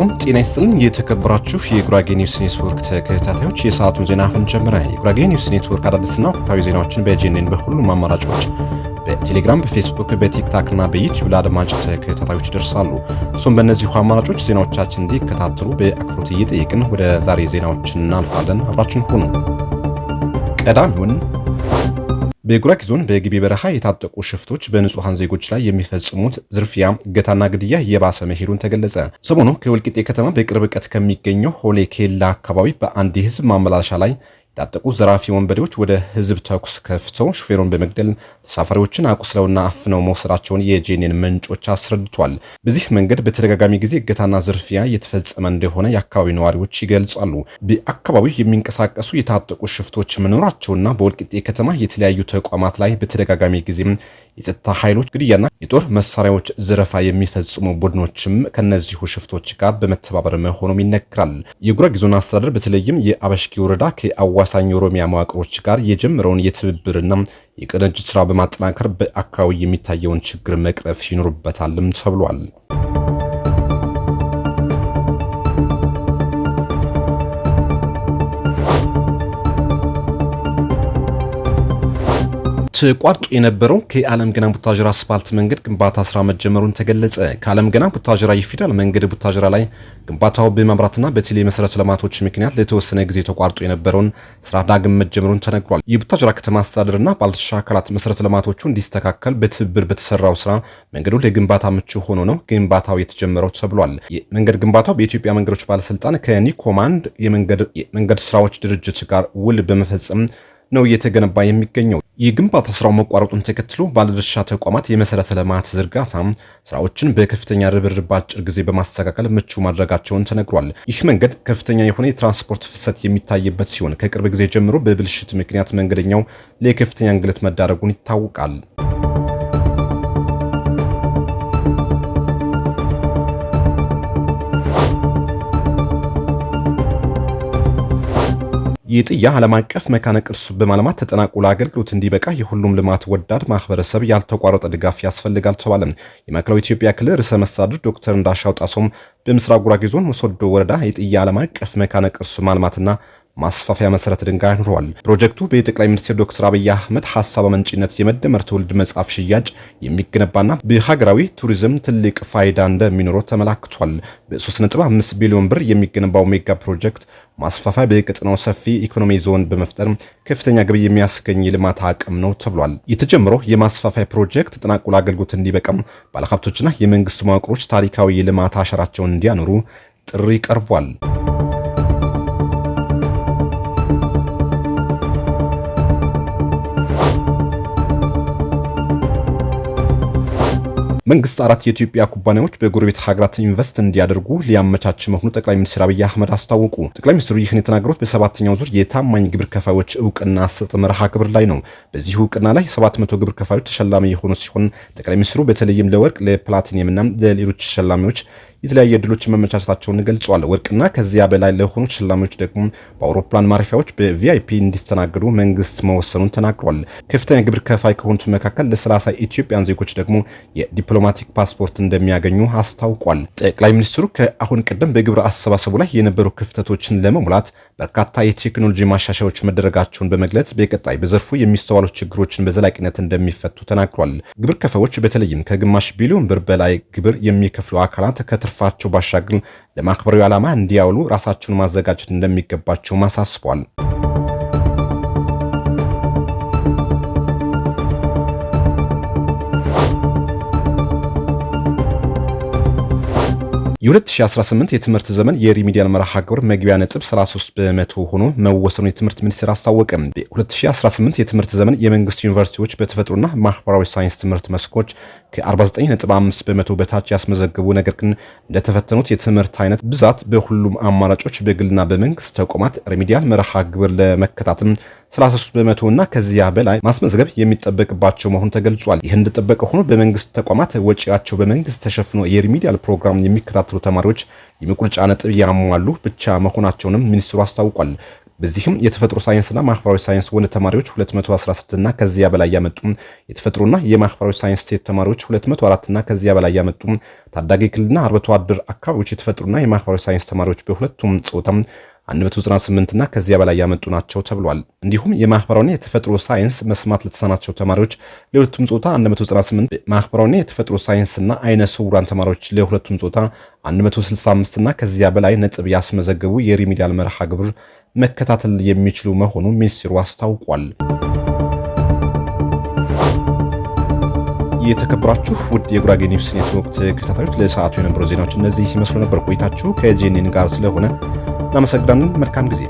ፍቅሩም ጤና ይስጥልን። የተከበራችሁ የጉራጌ ኒውስ ኔትወርክ ተከታታዮች የሰዓቱን ዜና አሁን ጀመረ። የጉራጌ ኒውስ ኔትወርክ አዳዲስና ወቅታዊ ዜናዎችን በጄኔን በሁሉም አማራጮች በቴሌግራም፣ በፌስቡክ፣ በቲክታክ በቲክታክና በዩቲዩብ ለአድማጭ ተከታታዮች ይደርሳሉ። እሱም በእነዚሁ አማራጮች ዜናዎቻችን እንዲከታተሉ በአክብሮት እየጠየቅን ወደ ዛሬ ዜናዎችን እናልፋለን። አብራችን ሁኑ። ቀዳሚውን በጉራጌ ዞን በግቢ በረሃ የታጠቁ ሽፍቶች በንጹሐን ዜጎች ላይ የሚፈጽሙት ዝርፊያ፣ እገታና ግድያ እየባሰ መሄዱን ተገለጸ። ሰሞኑ ከወልቂጤ ከተማ በቅርብ ርቀት ከሚገኘው ሆሌ ኬላ አካባቢ በአንድ የህዝብ ማመላለሻ ላይ የታጠቁ ዘራፊ ወንበዴዎች ወደ ህዝብ ተኩስ ከፍተው ሹፌሩን በመግደል ተሳፋሪዎችን አቁስለውና አፍነው መውሰዳቸውን የጄኔን ምንጮች አስረድቷል። በዚህ መንገድ በተደጋጋሚ ጊዜ እገታና ዝርፊያ እየተፈጸመ እንደሆነ የአካባቢው ነዋሪዎች ይገልጻሉ። በአካባቢው የሚንቀሳቀሱ የታጠቁ ሽፍቶች መኖራቸውና በወልቂጤ ከተማ የተለያዩ ተቋማት ላይ በተደጋጋሚ ጊዜም የጸጥታ ኃይሎች ግድያና የጦር መሳሪያዎች ዘረፋ የሚፈጽሙ ቡድኖችም ከነዚሁ ሽፍቶች ጋር በመተባበር መሆኑም ይነገራል። የጉራጌ ዞን አስተዳደር በተለይም የአበሽጌ ወረዳ ከአዋ ከአዋሳኝ ኦሮሚያ መዋቅሮች ጋር የጀመረውን የትብብርና የቅንጅት ስራ በማጠናከር በአካባቢ የሚታየውን ችግር መቅረፍ ይኖርበታልም ተብሏል። ተቋርጦ የነበረው ከአለም ገና ቡታጅራ አስፋልት መንገድ ግንባታ ስራ መጀመሩን ተገለጸ። ከአለም ገና ቡታጅራ የፌዴራል መንገድ ቡታጅራ ላይ ግንባታው በመብራትና በቴሌ መሰረተ ልማቶች ምክንያት ለተወሰነ ጊዜ ተቋርጦ የነበረውን ስራ ዳግም መጀመሩን ተነግሯል። የቡታጅራ ከተማ አስተዳደርና ባለድርሻ አካላት መሰረተ ልማቶቹ እንዲስተካከል በትብብር በተሰራው ስራ መንገዱ ለግንባታ ምቹ ሆኖ ነው ግንባታው የተጀመረው ተብሏል። የመንገድ ግንባታው በኢትዮጵያ መንገዶች ባለስልጣን ከኒኮማንድ የመንገድ ስራዎች ድርጅት ጋር ውል በመፈጸም ነው እየተገነባ የሚገኘው። የግንባታ ስራው መቋረጡን ተከትሎ ባለድርሻ ተቋማት የመሰረተ ልማት ዝርጋታ ስራዎችን በከፍተኛ ርብርብ በአጭር ጊዜ በማስተካከል ምቹ ማድረጋቸውን ተነግሯል። ይህ መንገድ ከፍተኛ የሆነ የትራንስፖርት ፍሰት የሚታይበት ሲሆን ከቅርብ ጊዜ ጀምሮ በብልሽት ምክንያት መንገደኛው ለከፍተኛ እንግልት መዳረጉን ይታወቃል። ይህ ጥያ ዓለም አቀፍ መካነ ቅርስ በማልማት ተጠናቆ ለአገልግሎት እንዲበቃ የሁሉም ልማት ወዳድ ማህበረሰብ ያልተቋረጠ ድጋፍ ያስፈልጋል ተባለ። የማዕከላዊ ኢትዮጵያ ክልል ርዕሰ መስተዳድር ዶክተር እንዳሻው ጣሶም በምስራቅ ጉራጌ ዞን ሶዶ ወረዳ የጥያ ዓለም አቀፍ መካነ ቅርስ ማልማትና ማስፋፊያ መሰረተ ድንጋይ አኑረዋል። ፕሮጀክቱ በጠቅላይ ሚኒስትር ዶክተር አብይ አህመድ ሀሳብ አመንጭነት የመደመር ትውልድ መጽሐፍ ሽያጭ የሚገነባና በሀገራዊ ቱሪዝም ትልቅ ፋይዳ እንደሚኖረው ተመላክቷል። በ3.5 ቢሊዮን ብር የሚገነባው ሜጋ ፕሮጀክት ማስፋፊያ በቀጠናው ሰፊ ኢኮኖሚ ዞን በመፍጠር ከፍተኛ ገቢ የሚያስገኝ የልማት አቅም ነው ተብሏል። የተጀመረው የማስፋፊያ ፕሮጀክት ተጠናቆ ለአገልግሎት እንዲበቀም ባለሀብቶችና የመንግስት መዋቅሮች ታሪካዊ የልማት አሻራቸውን እንዲያኖሩ ጥሪ ቀርቧል። መንግስት አራት የኢትዮጵያ ኩባንያዎች በጎረቤት ሀገራት ኢንቨስት እንዲያደርጉ ሊያመቻች መሆኑ ጠቅላይ ሚኒስትር አብይ አህመድ አስታወቁ። ጠቅላይ ሚኒስትሩ ይህን የተናገሩት በሰባተኛው ዙር የታማኝ ግብር ከፋዮች እውቅና አሰጥ መርሃ ግብር ላይ ነው። በዚህ እውቅና ላይ መቶ ግብር ከፋዮች ተሸላሚ የሆኑ ሲሆን ጠቅላይ ሚኒስትሩ በተለይም ለወርቅ ለፕላቲኒየምና ለሌሎች ተሸላሚዎች የተለያዩ እድሎች መመቻቸታቸውን ገልጸዋል። ወርቅና ከዚያ በላይ ለሆኑ ሸላሚዎች ደግሞ በአውሮፕላን ማረፊያዎች በቪአይፒ እንዲስተናገዱ መንግስት መወሰኑን ተናግሯል። ከፍተኛ ግብር ከፋይ ከሆኑት መካከል ለሰላሳ ኢትዮጵያን ዜጎች ደግሞ የዲፕሎማቲክ ፓስፖርት እንደሚያገኙ አስታውቋል። ጠቅላይ ሚኒስትሩ ከአሁን ቀደም በግብር አሰባሰቡ ላይ የነበሩ ክፍተቶችን ለመሙላት በርካታ የቴክኖሎጂ ማሻሻያዎች መደረጋቸውን በመግለጽ በቀጣይ በዘርፉ የሚስተዋሉ ችግሮችን በዘላቂነት እንደሚፈቱ ተናግሯል። ግብር ከፋዮች በተለይም ከግማሽ ቢሊዮን ብር በላይ ግብር የሚከፍሉ አካላት ከትርፋ ከትርፋቸው ባሻገር ለማክበራዊ ዓላማ እንዲያውሉ ራሳቸውን ማዘጋጀት እንደሚገባቸው አሳስቧል። የ2018 የትምህርት ዘመን የሪሚዲያል መርሃ ግብር መግቢያ ነጥብ 33 በመቶ ሆኖ መወሰኑን የትምህርት ሚኒስቴር አስታወቀ የ በ2018 የትምህርት ዘመን የመንግስት ዩኒቨርሲቲዎች በተፈጥሮና ማህበራዊ ሳይንስ ትምህርት መስኮች ከ49.5 በመቶ በታች ያስመዘግቡ ነገር ግን እንደተፈተኑት የትምህርት አይነት ብዛት በሁሉም አማራጮች በግልና በመንግስት ተቋማት ሪሚዲያል መርሃ ግብር ለመከታተል 33 በመቶ እና ከዚያ በላይ ማስመዝገብ የሚጠበቅባቸው መሆኑ ተገልጿል። ይህ እንደጠበቀ ሆኖ በመንግስት ተቋማት ወጪያቸው በመንግስት ተሸፍኖ የሪሚዲያል ፕሮግራም የሚከታተሉ ተማሪዎች የመቁረጫ ነጥብ ያሟሉ ብቻ መሆናቸውንም ሚኒስትሩ አስታውቋል። በዚህም የተፈጥሮ ሳይንስና ማህበራዊ ሳይንስ ወንድ ተማሪዎች 216 እና ከዚያ በላይ ያመጡ የተፈጥሮና የማህበራዊ ሳይንስ ሴት ተማሪዎች 204 እና ከዚያ በላይ ያመጡ ታዳጊ ክልልና አርብቶ አደር አካባቢዎች የተፈጥሮና የማህበራዊ ሳይንስ ተማሪዎች በሁለቱም ጾታ 198 እና ከዚያ በላይ ያመጡ ናቸው ተብሏል። እንዲሁም የማህበራዊና የተፈጥሮ ሳይንስ መስማት ለተሳናቸው ተማሪዎች ለሁለቱም ጾታ 198፣ ማህበራዊና የተፈጥሮ ሳይንስና አይነ ስውራን ተማሪዎች ለሁለቱም ጾታ 165 እና ከዚያ በላይ ነጥብ ያስመዘገቡ የሪሚዲያል መርሃ ግብር መከታተል የሚችሉ መሆኑ ሚኒስትሩ አስታውቋል። የተከበራችሁ ውድ የጉራጌ ኒውስ ኔትወርክ ተከታታዮች ለሰዓቱ የነበሩ ዜናዎች እነዚህ ሲመስሉ ነበር። ቆይታችሁ ከጄኔን ጋር ስለሆነ እናመሰግናለን። መልካም ጊዜ